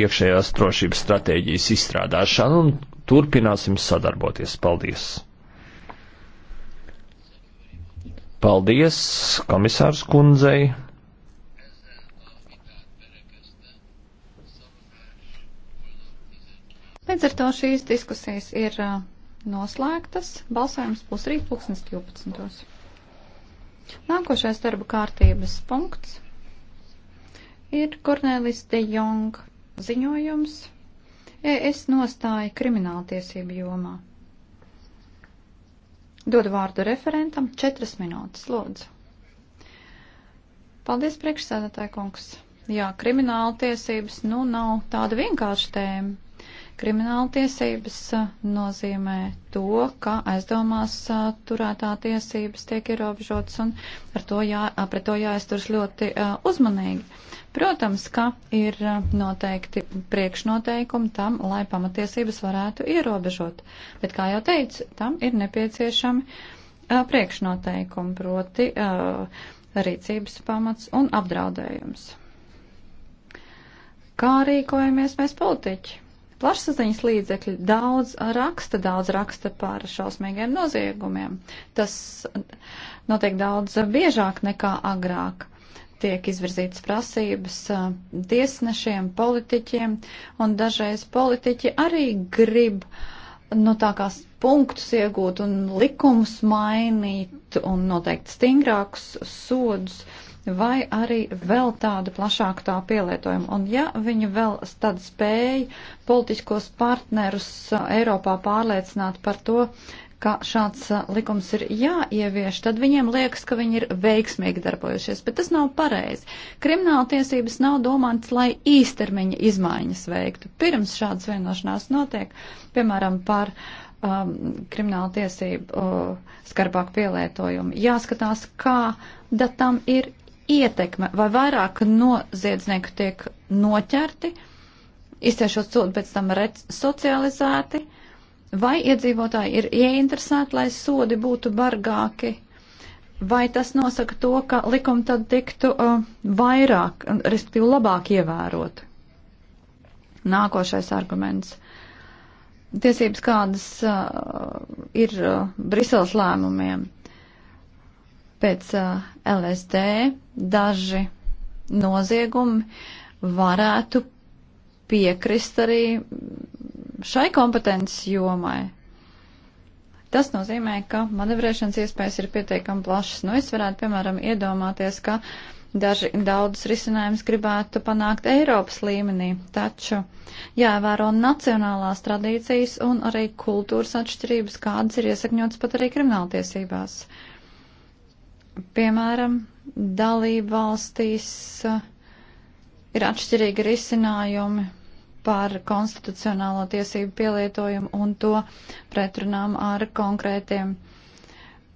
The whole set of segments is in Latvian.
iekšējās drošības stratēģijas izstrādāšanu un turpināsim sadarboties. Paldies! Paldies komisārs kundzei! Līdz ar to šīs diskusijas ir uh, noslēgtas. Balsojums būs rīt 2012. Nākošais darba kārtības punkts ir Kornelis de Jong ziņojums ES nostāja krimināltiesību jomā. Dodu vārdu referentam četras minūtes, lūdzu. Paldies, priekšsēdētāji kungs. Jā, krimināla tiesības, nu, nav tāda vienkārša tēma. Krimināla tiesības eh, nozīmē to, ka aizdomās eh, turētā tiesības tiek ierobežotas un ar to jā, pret to jāizturas ļoti eh, uzmanīgi. Protams, ka ir noteikti priekšnoteikumi tam, lai pamatiesības varētu ierobežot, bet, kā jau teicu, tam ir nepieciešami priekšnoteikumi, proti rīcības pamats un apdraudējums. Kā rīkojamies mēs politiķi? Plašsaziņas līdzekļi daudz raksta, daudz raksta par šausmīgiem noziegumiem. Tas notiek daudz biežāk nekā agrāk. Tiek izvirzītas prasības tiesnešiem, politiķiem, un dažreiz politiķi arī grib no nu, tā kā punktus iegūt un likumus mainīt un noteikt stingrākus sodus. Uh, vai arī vēl tādu plašāku tā pielietojumu. Un ja viņi vēl tad spēja politiskos partnerus uh, Eiropā pārliecināt par to, ka šāds uh, likums ir jāievieš, tad viņiem liekas, ka viņi ir veiksmīgi darbojušies, bet tas nav pareizi. Krimināla tiesības nav domāts, lai īstermiņa izmaiņas veiktu. Pirms šādas vienošanās notiek, piemēram, par um, krimināla tiesību uh, skarbāku pielietojumu, jāskatās, kā datam ir ietekme, vai vairāk noziedznieku tiek noķerti, izciešot sodu pēc tam socializēti, vai iedzīvotāji ir ieinteresēti, lai sodi būtu bargāki, vai tas nosaka to, ka likumi tad tiktu uh, vairāk, respektīvi labāk ievēroti. Nākošais arguments. Tiesības kādas uh, ir uh, Briseles lēmumiem. Uh, pēc LSD daži noziegumi varētu piekrist arī šai kompetences jomai. Tas nozīmē, ka manevrēšanas iespējas ir pietiekami plašas. Nu, es varētu, piemēram, iedomāties, ka daži, daudz risinājums gribētu panākt Eiropas līmenī, taču jāievēro nacionālās tradīcijas un arī kultūras atšķirības, kādas ir iesakņotas pat arī krimināltiesībās. tiesībās piemēram, dalību valstīs uh, ir atšķirīgi risinājumi par konstitucionālo tiesību pielietojumu un to pretrunām ar konkrētiem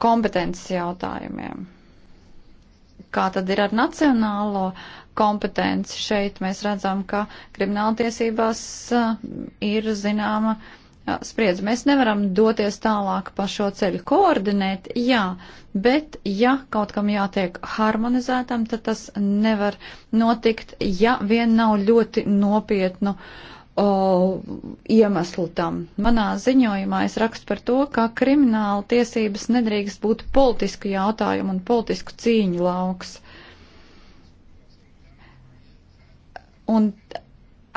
kompetences jautājumiem. Kā tad ir ar nacionālo kompetenci? Šeit mēs redzam, ka krimināltiesībās uh, ir zināma uh, spriedzi. Mēs nevaram doties tālāk pa šo ceļu koordinēt, jā, bet ja kaut kam jātiek harmonizētam, tad tas nevar notikt, ja vien nav ļoti nopietnu o, iemeslu tam. Manā ziņojumā es rakstu par to, ka krimināla tiesības nedrīkst būt politisku jautājumu un politisku cīņu lauks. Un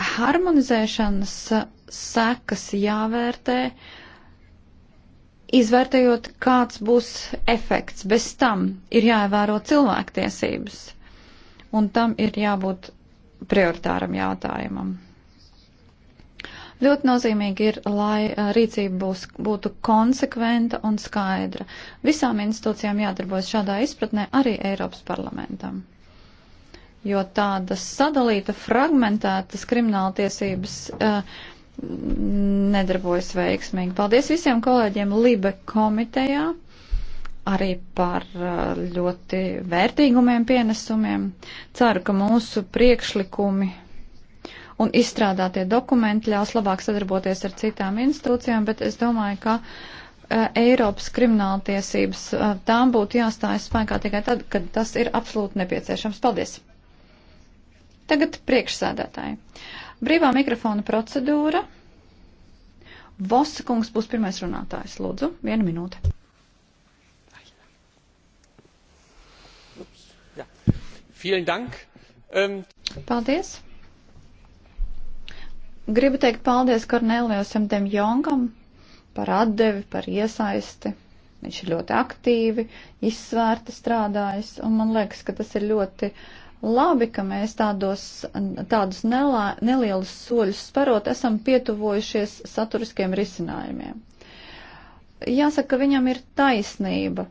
harmonizēšanas sekas jāvērtē, izvērtējot, kāds būs efekts. Bez tam ir jāievēro cilvēktiesības, un tam ir jābūt prioritāram jautājumam. Ļoti nozīmīgi ir, lai uh, rīcība būs, būtu konsekventa un skaidra. Visām institūcijām jādarbojas šādā izpratnē arī Eiropas parlamentam. Jo tādas sadalīta, fragmentētas krimināla tiesības uh, nedarbojas veiksmīgi. Paldies visiem kolēģiem Libe komitejā arī par uh, ļoti vērtīgumiem pienesumiem. Ceru, ka mūsu priekšlikumi un izstrādātie dokumenti ļaus labāk sadarboties ar citām institūcijām, bet es domāju, ka uh, Eiropas krimināltiesības uh, tām būtu jāstājas spēkā tikai tad, kad tas ir absolūti nepieciešams. Paldies! Tagad priekšsēdētāji. Brīvā mikrofona procedūra. Vosa kungs būs pirmais runātājs. Lūdzu, viena minūte. Ja. Vielen Dank. Um... Paldies. Gribu teikt paldies Kornelijosam Demjongam par atdevi, par iesaisti. Viņš ir ļoti aktīvi, izsvērti strādājis, un man liekas, ka tas ir ļoti uh, Labi, ka mēs tādos, tādus nelā, nelielus soļus sparot esam pietuvojušies saturiskiem risinājumiem. Jāsaka, ka viņam ir taisnība.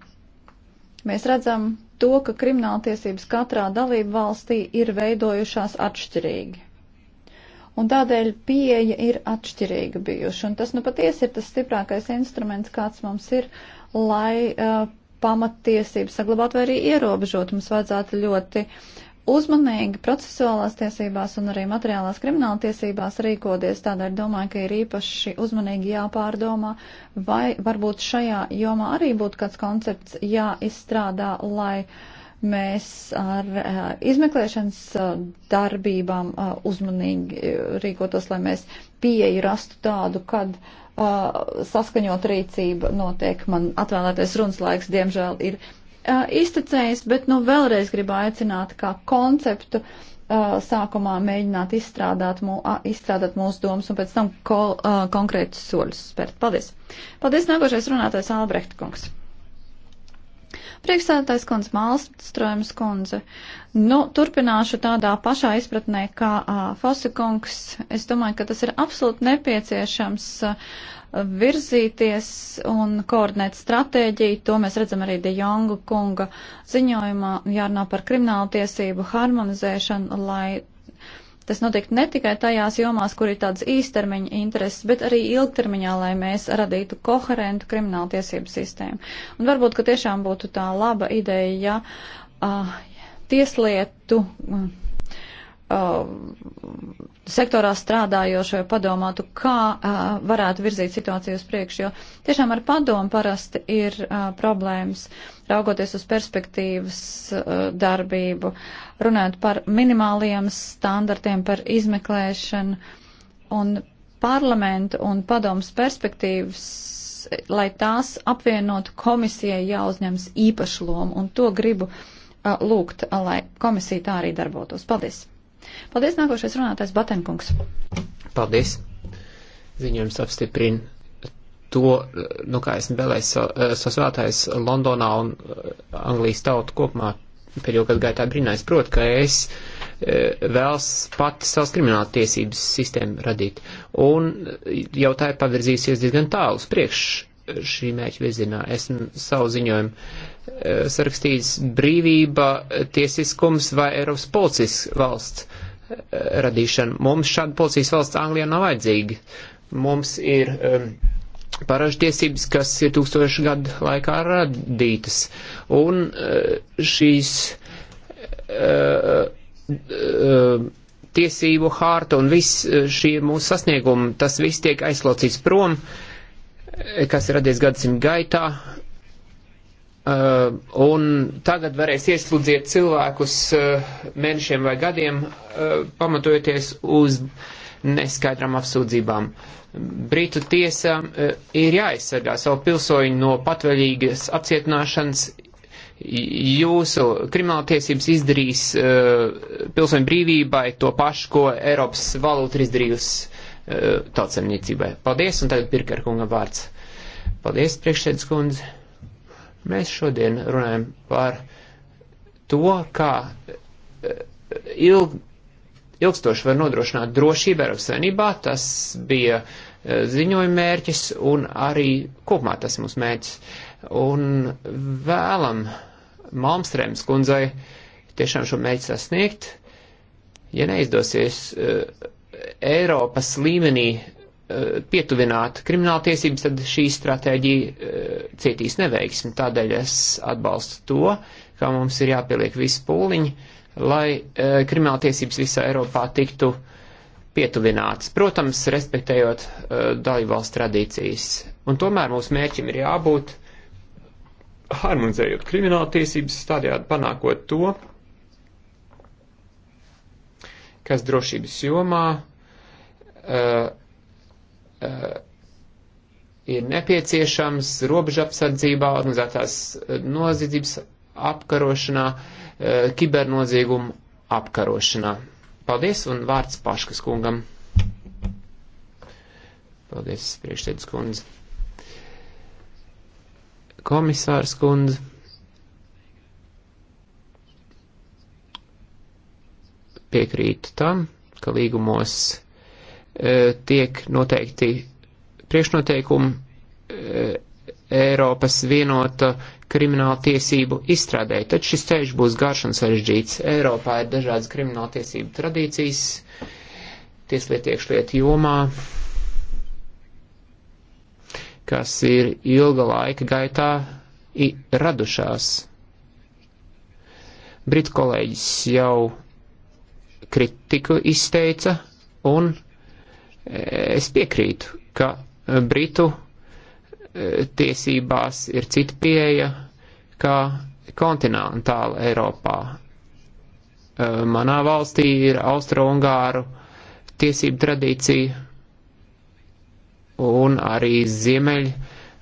Mēs redzam to, ka krimināltiesības katrā dalību valstī ir veidojušās atšķirīgi un tādēļ pieeja ir atšķirīga bijuši. Un tas nu patiesi ir tas stiprākais instruments, kāds mums ir, lai uh, pamattiesības saglabātu vai arī ierobežot. Mums vajadzētu ļoti uzmanīgi procesuālās tiesībās un arī materiālās krimināla tiesībās rīkoties. Tādēļ domāju, ka ir īpaši uzmanīgi jāpārdomā, vai varbūt šajā jomā arī būtu kāds koncepts jāizstrādā, lai mēs ar uh, izmeklēšanas uh, darbībām uh, uzmanīgi rīkotos, lai mēs pieeju rastu tādu, kad uh, saskaņot rīcība notiek. Man atvēlētais runas laiks, diemžēl, ir uh, iztecējis, bet nu vēlreiz gribu aicināt kā konceptu uh, sākumā mēģināt izstrādāt, mū, uh, izstrādāt mūsu domas un pēc tam kol, uh, konkrētus soļus spērt. Paldies! Paldies, nākošais runātais Albrecht kungs! Priekšsēdētājs kundze, Mālstrojums kundze, nu, turpināšu tādā pašā izpratnē kā uh, Fosikungs. Es domāju, ka tas ir absolūti nepieciešams uh, virzīties un koordinēt stratēģiju. To mēs redzam arī De Jonga kunga ziņojumā. Jārunā par kriminālu tiesību harmonizēšanu, lai Tas notiktu ne tikai tajās jomās, kur ir tādas īstermiņa intereses, bet arī ilgtermiņā, lai mēs radītu koherentu kriminālu tiesību sistēmu. Un varbūt, ka tiešām būtu tā laba ideja, ja uh, tieslietu. Uh, Uh, sektorā strādājošo padomātu, kā uh, varētu virzīt situāciju uz priekšu, jo tiešām ar padomu parasti ir uh, problēmas, raugoties uz perspektīvas darbību, runājot par minimāliem standartiem, par izmeklēšanu un parlamentu un padomus perspektīvas, lai tās apvienotu komisijai jāuzņems īpašu lomu, un to gribu uh, lūgt, lai komisija tā arī darbotos. Paldies! Paldies, nākošais runātājs Batenkungs. Paldies! Ziņojums apstiprina to, nu kā es vēlēju savus vēlētājus Londonā un Anglijas tautu kopumā pēdējo gadu gaitā brīnājis, proti, ka es e, vēls pati savas krimināla tiesības sistēmu radīt. Un jau tā ir pavirzījusies diezgan tālu uz priekšu šī mēķa virzienā. Esmu savu ziņojumu e, sarakstījis brīvība, tiesiskums vai Eiropas policijas valsts e, radīšana. Mums šāda policijas valsts Anglijā nav vajadzīga. Mums ir um, paražtiesības, kas ir tūkstošu gadu laikā radītas. Un eh, šīs eh, eh, tiesību hārta un viss šie mūsu sasniegumi, tas viss tiek aizslaucīts prom, kas ir radies gadsimt gaitā. Uh, un tagad varēs ieslūdziet cilvēkus uh, mēnešiem vai gadiem, uh, pamatojoties uz uh, neskaidrām apsūdzībām. Brītu tiesa e, ir jāaizsargā savu pilsoņu no patvaļīgas apcietināšanas. Jūsu krimināltiesības izdarīs e, pilsoņu brīvībai to pašu, ko Eiropas valūta ir izdarījusi e, tautsemniecībai. Paldies, un tagad Pirkerkunga vārds. Paldies, priekšsēdus kundze. Mēs šodien runājam par to, kā ilgi ilgstoši var nodrošināt drošību Eiropas Savienībā, tas bija e, ziņojuma mērķis un arī kopumā tas ir mūsu mērķis. Un vēlam Malmstrēms kundzai tiešām šo mērķi sasniegt, ja neizdosies e, Eiropas līmenī e, pietuvināt krimināltiesības, tad šī stratēģija cietīs neveiksmi. Tādēļ es atbalstu to, ka mums ir jāpieliek visi pūliņi lai e, krimināltiesības visā Eiropā tiktu pietuvināts, protams, respektējot e, dalībvalsts tradīcijas. Un tomēr mūsu mērķim ir jābūt harmonizējot krimināltiesības, tādējādi panākot to, kas drošības jomā e, e, ir nepieciešams robežu apsardzībā, organizētās e, noziedzības apkarošanā, e, Eh, kibernoziegumu apkarošanā. Paldies un vārds Paškas kungam. Paldies, priekštēdus kundze. Komisārs kundze. Piekrītu tam, ka līgumos e, tiek noteikti priekšnoteikumi e, Eiropas vienota krimināla tiesību izstrādē. Tad šis ceļš būs garš un sarežģīts. Eiropā ir dažādas krimināla tiesību tradīcijas, tieslietu iekšlietu jomā, kas ir ilga laika gaitā radušās. Britu kolēģis jau kritiku izteica, un e, es piekrītu, ka Britu tiesībās ir cita pieeja kā kontinentāla Eiropā. Manā valstī ir austro-ungāru tiesību tradīcija un arī ziemeļ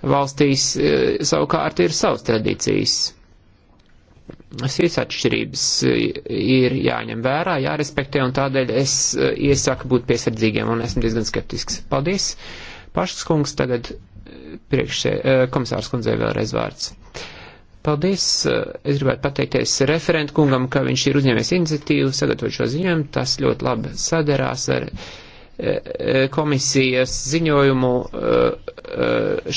valstīs savukārt ir savas tradīcijas. Šīs atšķirības ir jāņem vērā, jārespektē, un tādēļ es iesaku būt piesardzīgiem, un esmu diezgan skeptisks. Paldies! Pašas kungs tagad priekšsē, eh, komisārs kundzei vēlreiz vārds. Paldies, eh, es gribētu pateikties referentu kungam, ka viņš ir uzņēmies iniciatīvu, sagatavot šo ziņojumu, tas ļoti labi sadarās ar E, e, komisijas ziņojumu e,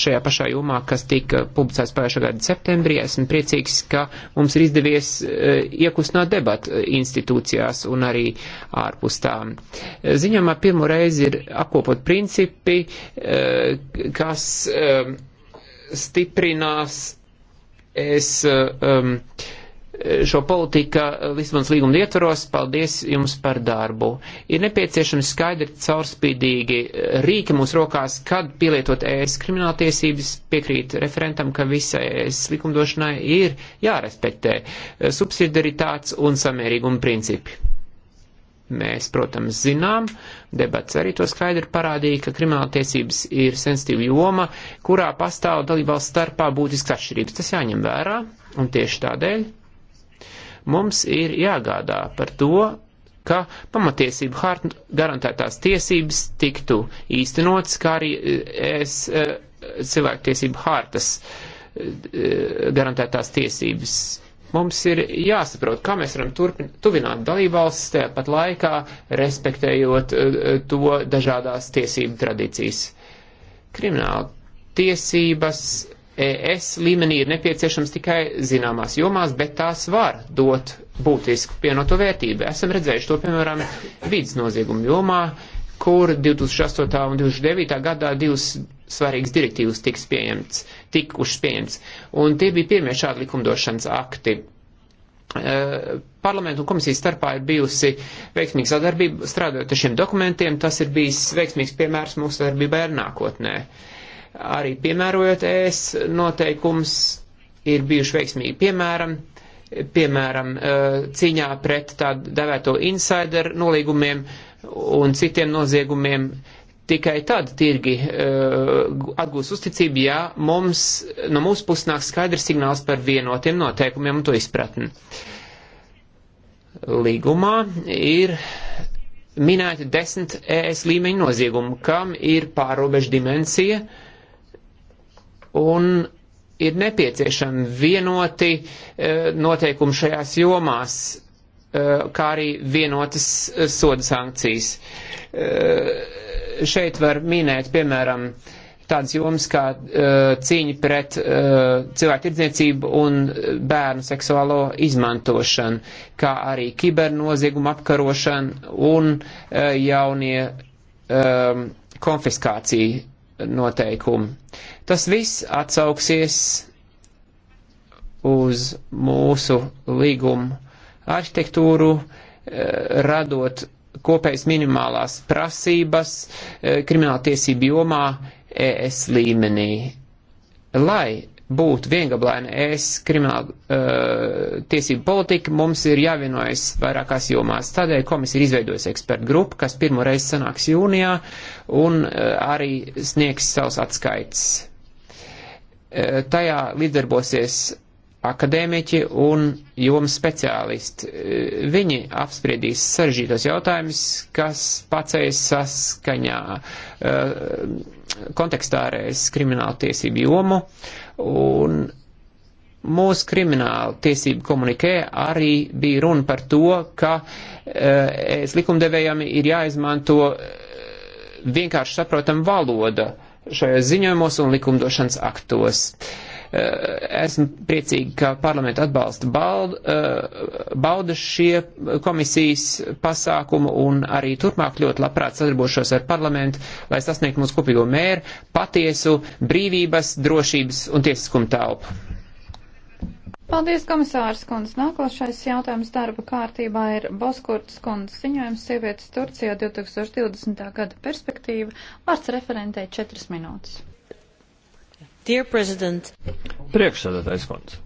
šajā pašā jomā, kas tika publicēts pagājušā gada septembrī. Esmu priecīgs, ka mums ir izdevies iekustināt debatu institūcijās un arī ārpus tām. Ziņojumā pirmo reizi ir apkopot principi, kas stiprinās es. Um, šo politika eh, Lisbonas līguma ietvaros. Paldies jums par darbu. Ir nepieciešams skaidri caurspīdīgi eh, rīki mūsu rokās, kad pielietot ES krimināltiesības. Piekrīt referentam, ka visai ES likumdošanai ir jārespektē eh, subsidiaritāts un samērīguma principi. Mēs, protams, zinām, debats arī to skaidri parādīja, ka krimināltiesības ir sensitīva joma, kurā pastāv dalībvalsts starpā būtisks atšķirības. Tas jāņem vērā, un tieši tādēļ Mums ir jāgādā par to, ka pamatiesību hārta garantētās tiesības tiktu īstenotas, kā arī eh, es eh, cilvēktiesību hārtas eh, garantētās tiesības. Mums ir jāsaprot, kā mēs varam turpin, tuvināt dalībvalstis, tāpat laikā respektējot to dažādās tiesību tradīcijas. Krimināla tiesības ES līmenī ir nepieciešams tikai zināmās jomās, bet tās var dot būtisku pienoto vērtību. Esam redzējuši to, piemēram, vidas noziegumu jomā, kur 2008. un 2009. gadā divas svarīgas direktīvas tiks pieņemts, tikušas pieņemts. Un tie bija pirmie šādi likumdošanas akti. E, parlamentu un komisijas starpā ir bijusi veiksmīga sadarbība strādājot ar šiem dokumentiem. Tas ir bijis veiksmīgs piemērs mūsu darbībai ar nākotnē. Uh, arī piemērojot ES noteikums, ir bijuši veiksmīgi piemēram, piemēram eh, cīņā pret tādu devēto insider nolīgumiem un citiem noziegumiem. Tikai tad tirgi uh, atgūs uzticību, ja mums, no mūsu puses nāk skaidrs signāls par vienotiem noteikumiem un to izpratni. Līgumā ir minēti desmit ES līmeņa noziegumi, kam ir pārobežu dimensija, uh, un ir nepieciešami vienoti e, noteikumi šajās jomās, e, kā arī vienotas e, soda sankcijas. Šeit var minēt, piemēram, tādas jomas kā cīņa pret cilvēku tirdzniecību un bērnu seksuālo izmantošanu, kā arī kibernoziegumu apkarošanu un jaunie konfiskācija noteikumi. Tas viss atsauksies uz mūsu līgumu arhitektūru, eh, radot kopējas minimālās prasības eh, krimināla tiesību jomā ES līmenī. Lai būtu viengablaina ES krimināla uh, tiesību politika, mums ir jāvienojas vairākās jomās. Tādēļ komisija ir izveidojusi ekspertu grupu, kas pirmo reizi sanāks jūnijā un uh, arī sniegs savus atskaits E, tajā līdzdarbosies akadēmiķi un jomas speciālisti. E, viņi apspriedīs sarežģītos jautājumus, kas pacējas saskaņā e, kontekstā ar kriminālu tiesību jomu, un mūsu krimināla tiesību komunikē arī bija runa par to, ka es likumdevējami ir jāizmanto vienkārši saprotama valoda, uh, šajos ziņojumos un likumdošanas aktos. Eh, esmu priecīgi, ka parlamentu atbalsta eh, bauda šie komisijas pasākumu un arī turpmāk ļoti labprāt sadarbošos ar parlamentu, lai sasniegtu mūsu kopīgo mēru - patiesu brīvības, drošības un tiesiskuma telpu. Paldies, komisārs kundze. Nākošais jautājums darba kārtībā ir Boskurtas kundzes ziņojums sievietes Turcijā 2020. gada perspektīva. Vārds referentē 4 minūtes. Dear President. Priekšsēdētājs kundze.